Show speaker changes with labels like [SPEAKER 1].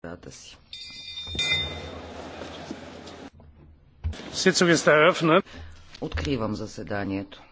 [SPEAKER 1] страната си. Е Откривам заседанието.